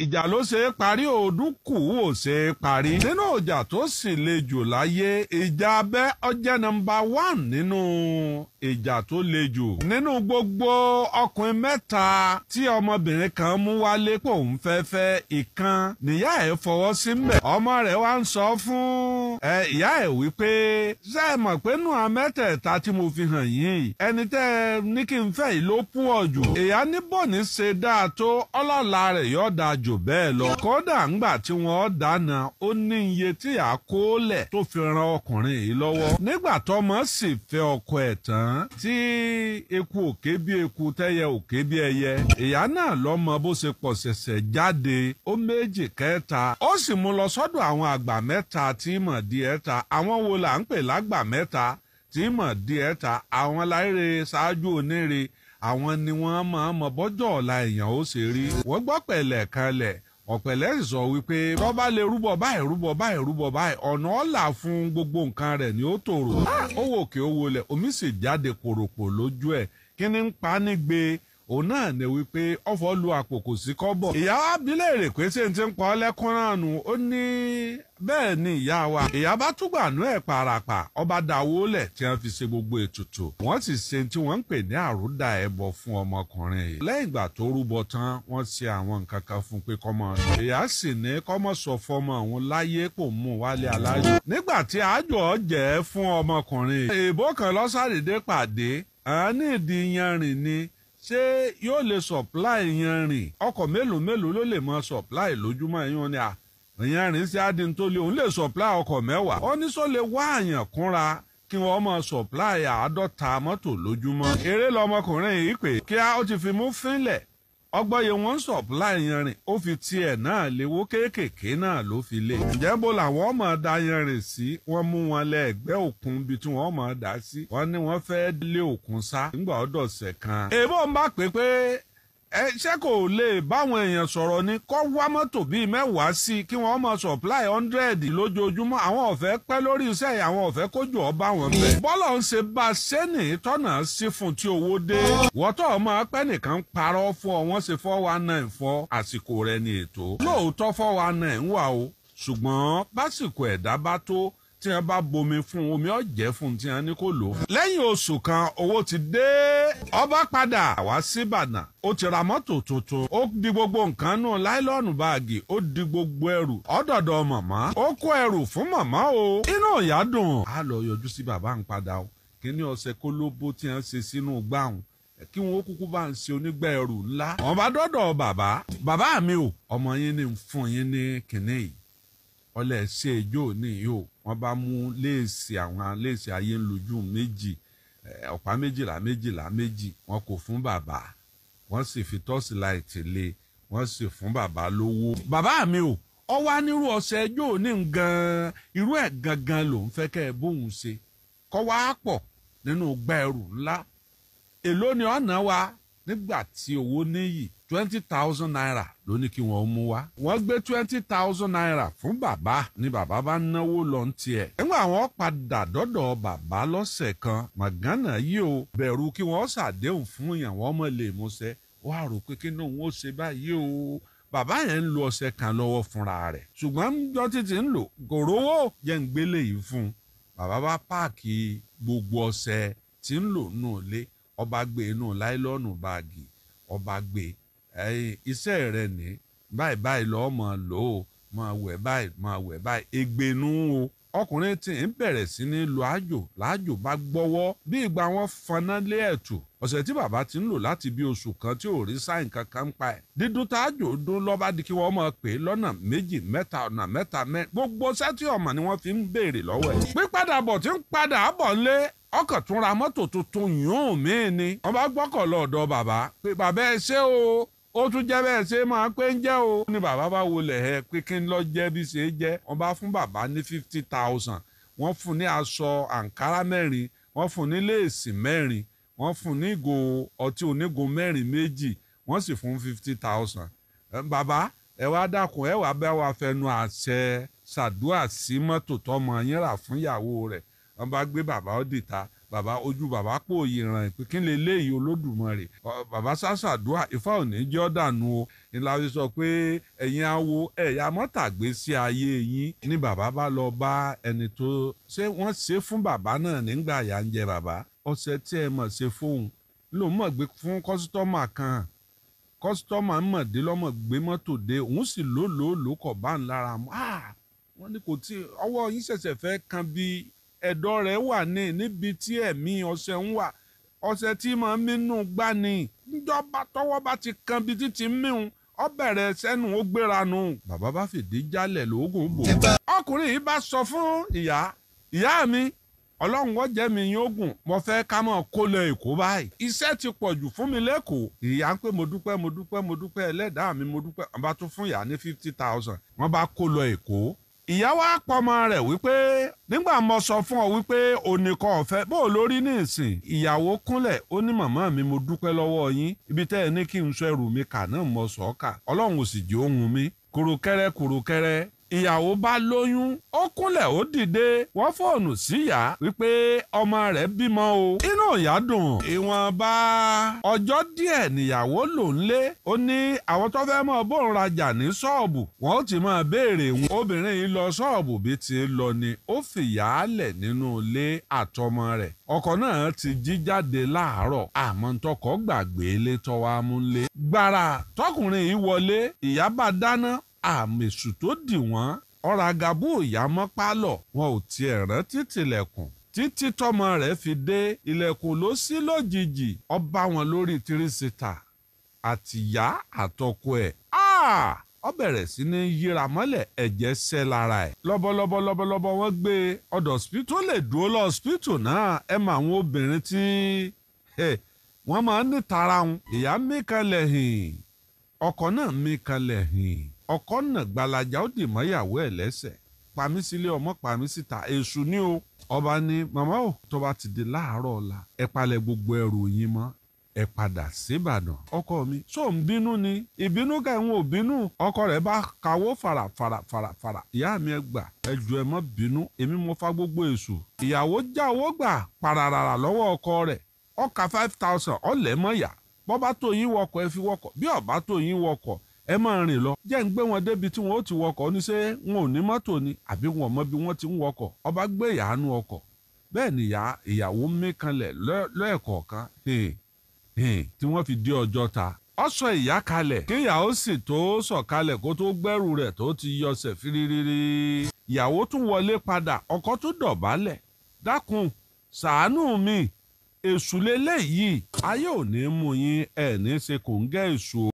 ìjà ló ṣe é parí òòdùn kù ò ṣe é parí. nínú ìjà tó sì le jù láyé ìjà abẹ́ ọjẹ́ nọ́mbà one nínú ìjà tó le jù. nínú gbogbo ọkùnrin mẹ́ta tí ọmọbìnrin kan mú wálé kò ń fẹ́fẹ́ ìkan nìyá ẹ̀ fọwọ́ sí mbẹ̀. ọmọ rẹ̀ wá ń sọ fún ìyá ẹ̀ wípé ṣé ẹ mọ̀ pé nù amẹ́tẹ̀ẹ̀ta tí mo fi hàn yìí ẹni tẹ́ ẹ ní kí n fẹ́ yìí ló pọ̀ jù. ìyá níbọ̀ ní ṣe dáa tó ọlọ́lá rẹ̀ yọ̀ dáa jù jù bẹ́ẹ̀ lọ. kódà ńgbà tí wọ́n dáná ó ní iye tí a kó lẹ̀ tó fi ran ọkùnrin yìí lọ́wọ́. nígbà tọ́mọ sì fẹ́ ọkọ ẹ̀ tán tí eku òkè bí eku tẹ́yẹ òkè bí ẹyẹ. ìyá náà lọ́mọ bó ṣe pọ̀ ṣẹ̀ṣẹ̀ jáde ó méjì kẹta ó sì mú lọ sọ́dọ̀ àwọn àgbà mẹ́ta tí mọ̀ di ẹ̀ta àwọn wo là ń pè lágbà mẹ́ta tí mọ̀ di ẹ̀ta àwọn láìre ṣáájú oníire àwọn ni wọ́n máa mọ bọ́jọ́ ọ̀la èèyàn ó ṣe rí. wọ́n gbọ́ pẹ̀lẹ́ kanlẹ̀ ọ̀pẹ̀lẹ́ sọ wípé tọ́ba lè rúbọ báyìí rúbọ báyìí rúbọ báyìí ọ̀nà ọ̀là fún gbogbo nǹkan rẹ̀ ni ó tòrò. ó wò kí ó wọlé omi sì jáde kòròpò lójú ẹ̀ kí ni ń pa gbé. nígbe òun náà ní wípé ọ̀fọ̀ lu àpò kò sí kọ́bọ̀. ìyá wa bi léèrè pé ṣé n ti ń pa ọ́ lẹ́kún náà nù ó ní bẹ́ẹ̀ ni ìyá wa. ìyá bá túgbà nú ẹ̀ parapa ọba dàwó lẹ̀ tí wọ́n fi ṣe gbogbo ètùtù wọ́n sì ṣe tí wọ́n ń pè ní àrúdà ẹbọ fún ọmọkùnrin yìí. lẹ́yìn ìgbà tó rúbọ tán wọ́n ṣe àwọn nǹkan kan fún pé kọ́mọ sọ. ìyá sì ní kọ́mọ sọ fọmọ òun láyé kò mú wálé aláyọ̀. nígbà tí àjọ jẹ́ fún ọmọkùnrin yìí. ìbò kan lọ́sàdédé pàdé àánìdí yanrìn ni ṣé yóò lè supply yanrìn ọkọ̀ mélòó mélòó ló lè mọ supply lójúmọ́ ẹ̀yàn ni à yanrìn sí adin tó lé òun lè supply ọkọ̀ mẹ́wàá ó ní sọ lè wá àyàn kúnra kí wọ́n mọ supply àádọ́ta mọ́tò lójúmọ́ eré lọmọkùnrin yìí pé kíá ó ti fi mú fínlẹ̀ ọgbọ́yé wọn supply yanrìn ó fi tiẹ̀ náà léwó kéékèèké náà ló fi lé. ǹjẹ́ bó làwọn ọmọ da yanrìn sí wọ́n mú wọn lẹ́ẹ̀gbẹ́ òkun bí tí wọ́n mọ̀ dá sí wọ́n ní wọ́n fẹ́ lé òkun sá nígbà ọ̀dọ̀sẹ̀ kan. èèbó ń bá pé pé ẹ ṣé kò lè báwọn èèyàn sọ̀rọ̀ ni kọ́ wá mọ́tò bíi mẹ́wàá sí i kí wọ́n mọ supply hundred lójoojúmọ́ àwọn ọ̀fẹ́ pẹ́ lórí iṣẹ́ yìí àwọn ọ̀fẹ́ kójú ọba wọn bẹ́ẹ̀. bọ́lọ̀ ń ṣe bá a ṣe ní tọ́nà sí fún tí owó dé. wọ́tọ̀ ọmọ pẹ́ nìkan ń parọ́ fún ọ wọ́n ṣe four one nine fọ́ àsìkò rẹ̀ ní ètò. lóòótọ́ four one nine wà o ṣùgbọ́n básìkò ẹ̀dá bá tó tí wọ́n bá bomi fún omi ọ̀jẹ̀ fún tí wọ́n ní kó lò. lẹ́yìn oṣù kan owó ti dé ọba padà wá sí Ìbàdàn ó ti ra mọ́tò tuntun ó di gbogbo nǹkan nù láìlọ́ọ̀nù báàgì ó di gbogbo ẹrù ọ̀dọ̀dọ̀ màmá ó kó ẹrù fún màmá o inú ìyá dùn á lọ yọjú sí bàbá ń padà o kí ni ọ̀sẹ̀ kó ló bó tí wọ́n ṣe sínú gbàùn kí wọn ó kúkú bá ń ṣe onígbà ẹrù ńlá. wọn bá dọdọ bàbá bàbá mi o ọmọ yín ni ń fún yín ní kìnìún ọlẹ ṣe ìjó ní wọ́n bá mú léèsì àwọn léèsì ayé ń lójú méjì eh, ọ̀pá méjìlá méjìlá méjì wọ́n kò fún bàbá wọ́n sì fi tọ́sí láìtì lé wọ́n sì fún bàbá lówó. bàbá mi ò ọ wá ọ̀sẹ̀ ẹjọ́ òní gan-an irú ẹ̀ gangan ló ń fẹ́ kẹ́ ẹ bóun ṣe kọ́ wá pọ̀ nínú gbẹ́rù ńlá èló ni ọ̀nà wa nígbà tí owó níyì twenty thousand naira ló ní kí wọ́n mú wá. wọ́n gbé twenty thousand naira fún bàbá ni bàbá bá náwó lọ ń tiẹ̀. nígbà àwọn padà dọ́dọ̀ bàbá lọ́sẹ̀ kan màgánà yìí ó bẹ̀rù kí wọ́n ṣàdéhùn fún yàn wọ́n mọ̀ lè múṣẹ́ wọ́n á rò pé kí ni òun ó ṣe báyìí o bàbá yẹn ń lo ọ̀sẹ̀ kan lọ́wọ́ fúnra rẹ̀ ṣùgbọ́n jọ títí ń lò kò rówó yẹn ń gbélé yìí fún bàbá bá páàkì gbogbo ọ̀sẹ̀ tí ń lò nù lé ọba gbé inú láìlọ́ọ̀nù báàgì ọba gbé iṣẹ́ rẹ̀ ní báyìí báyìí lọ́ọ́ mọ̀ lò ó máa wẹ̀ báyìí máa wẹ̀ báyìí ègbénú o ọkùnrin tí ń bẹ̀rẹ̀ sí ní lo àjò láàjò bá gbọ́wọ́ bí ìgbà wọn faná lé ẹ̀tù ọ̀sẹ̀ tí bàbá ti ń lò láti bí oṣù kan tí ò rí sáìn kankan pa ẹ̀. dídún tá àjò dún lọ́ba di kí wọ́n máa pé lọ́nà méjì mẹ́ta ọ̀nà mẹ́ta mẹ́rin gbogbo sẹ́tì ọ̀mọ̀ ni wọ́n fi ń béèrè lọ́wọ́ ẹ̀. pípadà tí ń padà bọ̀ lé ọkàn tún ra mọ́tò tuntun yòówù míì ni wọ́n bá gbọ́kọ̀ lọ́ọ̀dọ̀ bàbá pé bàbá ẹ ṣé o ó tún jẹ́ bẹ́ẹ̀ ṣe máa pé ń jẹ́ o. ó ní bàbá bá wọlé ẹ pé kí n lọ jẹ́ bí ṣe jẹ́ wọ́n bá fún bàbá ní fifty thousand wọ́n fún ní aṣọ àǹkárá mẹ́rin wọ́n fún ní léèsì mẹ́rin wọ́n fún ní ìgò ọtí onígun mẹ́rin méjì wọ́n sì fún fifty thousand. bàbá ẹ wá dákun ẹ wá bá wa fẹnu àṣẹ ṣàdúrà sí mọ́tò tọmọ yín rà fún ìyàwó rẹ̀ wọ́n bá gbé bàbá ó dìta bàbá ojú bàbá pò ìran ìpín kí lè léyìí olódùmarè bàbá sàṣàdúà ifá ò ní jẹ́ ọ̀dànù o ńlá sọ pé ẹ̀yin awo ẹ̀yà mọ́tàgbé sí ayé yín ni bàbá bá lọ bá ẹni tó ṣé wọ́n ṣe fún bàbá náà nígbà yà ń jẹ bàbá ọ̀sẹ̀ tí ẹ mọ̀ ṣe fóun ló mọ̀ gbé fún kọ́sítọ́mà kan kọ́sítọ́mà ń mọ̀ dé lọ́mọ̀ gbé mọ́tò dé òun sì lólòó lókọ̀ bá ń lára mọ́ wọ́n ní kò tí ọwọ́ yín ṣẹ̀ṣẹ̀ fẹ́ kan bíi ẹ̀dọ̀ rẹ̀ wà ní níbi tí ẹ̀mí ọṣẹ ń wà ọṣẹ tí màá mínú gbá ni njọba tọwọ́ bá ti kan bí títí míhun ó bẹ̀rẹ̀ sẹ́nu ó gbéra nu. bàbá bá fìdí jálẹ̀ lóògùn bò. ọkùnrin yìí bá sọ fún ìyá ìyá mi ọlọ́run ó jẹ́ mi yín ogun mo fẹ́ ká mọ̀ kó lọ èkó báyìí. iṣẹ́ ti pọ̀ jù fún mi lẹ́kọ̀ọ́. ìyá ń pè mo dúpẹ́ mo dúpẹ́ mo dúpẹ́ ẹlẹ́dàá mi mo dúpẹ́ wọ́n bá tún fún ìyá ní fifty thousand wọ́n bá kó lọ èkó. ìyá wa pọmọ rẹ̀ wípé nígbà mo sọ fún ọ wípé onìkan ọ̀fẹ́ bó o lórí ní ìsìn ìyàwó kúnlẹ̀ ó ní màmá mi mo dúpẹ́ lọ́wọ́ yín ibi tẹ́ ẹ ní kí n sọ ẹrù mi kà náà mo sọ ọ́ kà ọlọ́run ò sì jẹ́ ohun mi kùrùkẹ́rẹ́ kùrùkẹ́rẹ́ ìyàwó bá lóyún ó kúnlẹ̀ ó dìde wọ́n fóònù síyà wípé ọmọ rẹ̀ bímọ o inú ìyá dùn ìwọ̀nba ọjọ́ díẹ̀ níyàwó lò ń lé ó ní àwọn tó fẹ́ mọ bóun rajà ní ṣọ́ọ̀bù wọ́n ó ti máa béèrè wọn obìnrin yìí lọ ṣọ́ọ̀bù bí ti lọ ni ó fìyàálẹ̀ nínú ilé àtọmọ rẹ̀ ọkọ náà ti jí jáde láàárọ̀ àmọ́ tọkọ gbàgbé lé tọ́wá múlé gbàrà tọkùnrin yìí wọlé ìyá bá dáná àmì èṣù tó dì wọ́n ọ̀rọ̀ àgàbù ìyá mọ́ pálọ̀ wọn ò tiẹ̀ rántí tilẹ̀kùn títí tọmọ rẹ̀ fi dé ilẹ̀kùn ló ṣí lójijì ó bá wọn lórí tírísítà àtìyá àtọkọ ẹ̀ ah! ó bẹ̀rẹ̀ sí ní yíra mọ́lẹ̀ ẹ̀jẹ̀ ṣẹ́ lára ẹ̀ lọ́bọ̀lọ́bọ̀ lọ́bọ̀lọ́bọ̀ wọ́n gbé e. ọ̀dọ̀ ọ̀sìpítù lè dúró lọ ọ̀sìpítù náà ẹ̀ mọ àwọn obìnrin tí wọ́n máa ń ní tara wọn ìyá mi kan lẹ̀ hìn ọkọ náà mi kan lẹ̀ hìn ọkọ nà gbalaja ó dì mọ́ ìyàwó ẹ̀ lẹ́sẹ̀ pamí sílé ọmọ pamí síta èṣù ni o ọba ni màmá ò tó bá ti di láàárọ̀ ọ̀la ẹ palẹ̀ gbogbo ẹrù yín mọ́ ẹ padà síbàdàn ọkọ mi ṣó ń bínú ni ìbínú kẹwọn ò bínú ọkọ rẹ bá kawó fara fara fara fara ìyá mi ẹ gbà ẹ jù ẹ má bínú èmi mo fa gbogbo èṣù ìyàwó jáwó gbà pararara lọ́wọ́ ọkọ rẹ ọkà five thousand ọlẹ mọ yà bọba tó yín wọkọ̀ ẹ fi wọkọ̀ bí ọba tó yín wọkọ̀ ẹ máa rìn lọ jẹ́ ń gbé wọn débi tí wọn ó ti wọkọ̀ ní ṣé wọn ò ní mọ́tò ni àbí wọn mọ bí wọ́n ti ń wọkọ̀ ọba gbé ìyàánú ọkọ̀ bẹ́ẹ̀ ni ìyàwó mí kanlẹ̀ lọ́ẹ̀kọ̀ọ̀kan tí wọ́n fi dé ọjọ́ ta ọ sọ ìyá kalẹ̀ kíyàwó sì tó sọ̀kalẹ̀ kó tó gbẹ́rù rẹ̀ tó ti yọsẹ̀ fírírírí ìyàwó tún wọlé padà ọkọ tún dọ̀bálẹ̀ dákun ṣàánú mi èṣù lélẹ́yìí ayé ò ní mú yín ẹ̀ ní ṣe kò